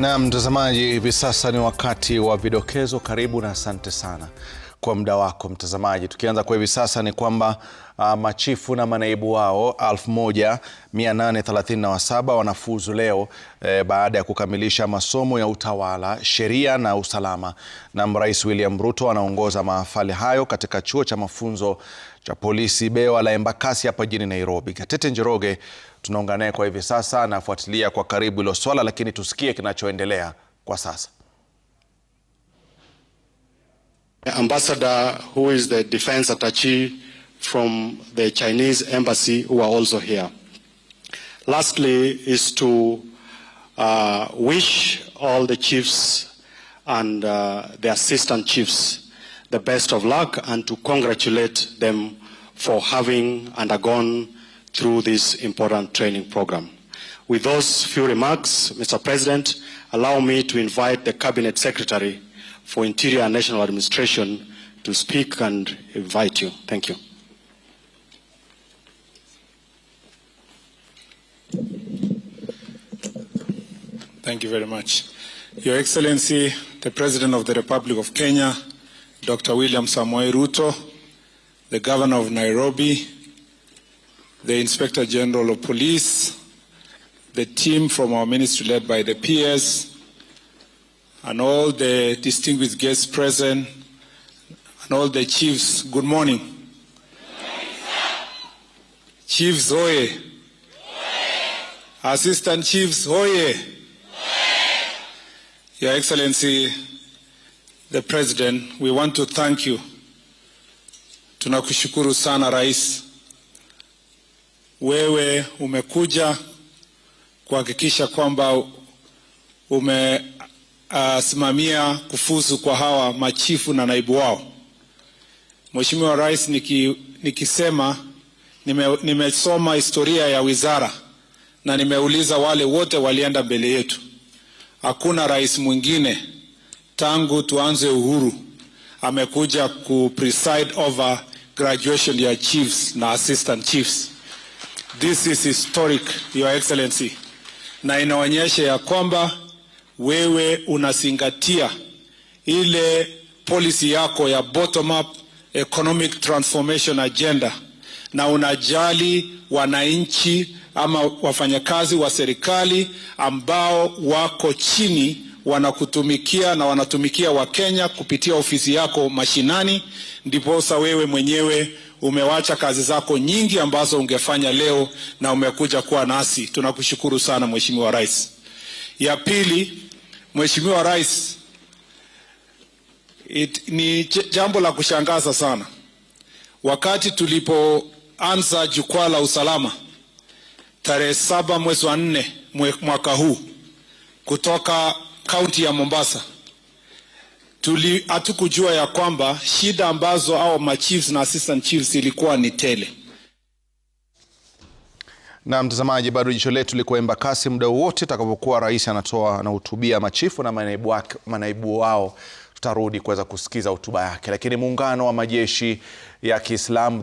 Na mtazamaji, hivi sasa ni wakati wa vidokezo. Karibu na asante sana kwa muda wako mtazamaji. Tukianza kwa hivi sasa ni kwamba uh, machifu na manaibu wao 1837 wanafuzu leo eh, baada ya kukamilisha masomo ya utawala, sheria na usalama. Na Rais William Ruto anaongoza mahafali hayo katika chuo cha mafunzo cha polisi bewa la Embakasi hapa jijini Nairobi. Gatete Njoroge tunaongea naye kwa hivi sasa, anafuatilia kwa karibu hilo swala, lakini tusikie kinachoendelea kwa sasa. Ambassador, who is the defense attaché from the Chinese embassy, who are also here. Lastly, is to uh, wish all the chiefs and uh, the assistant chiefs the best of luck and to congratulate them for having undergone through this important training program. With those few remarks, Mr. President, allow me to invite the Cabinet Secretary for Interior and National Administration to speak and invite you. Thank you. Thank you very much. Your Excellency, the President of the Republic of Kenya, Dr. William Samoei Ruto, the Governor of Nairobi, the Inspector General of Police, the team from our ministry led by the PS, and all the distinguished guests present and all the chiefs, good morning. Chiefs hoye. Assistant chiefs hoye. hoye. Your Excellency the President, we want to thank you. Tunakushukuru sana Rais. Wewe umekuja kuhakikisha kwamba ume asimamia kufuzu kwa hawa machifu na naibu wao. Mheshimiwa Rais, niki, nikisema nime, nimesoma historia ya wizara na nimeuliza wale wote walienda mbele yetu. Hakuna rais mwingine tangu tuanze uhuru amekuja ku preside over graduation ya chiefs na assistant chiefs. This is historic, Your Excellency, na inaonyesha ya kwamba wewe unazingatia ile policy yako ya bottom up economic transformation agenda na unajali wananchi ama wafanyakazi wa serikali ambao wako chini wanakutumikia na wanatumikia Wakenya kupitia ofisi yako mashinani. Ndiposa wewe mwenyewe umewacha kazi zako nyingi ambazo ungefanya leo na umekuja kuwa nasi. Tunakushukuru sana Mheshimiwa Rais. Ya pili Mheshimiwa Rais, it, ni jambo la kushangaza sana. Wakati tulipoanza jukwaa la usalama tarehe saba mwezi wa nne mwaka huu kutoka kaunti ya Mombasa, hatukujua ya kwamba shida ambazo au machiefs na assistant chiefs ilikuwa ni tele. Na mtazamaji, bado jicho letu liko Embakasi muda wote utakapokuwa rais anatoa na hutubia machifu na manaibu, wake, manaibu wao tutarudi kuweza kusikiza hotuba yake, lakini muungano wa majeshi ya Kiislamu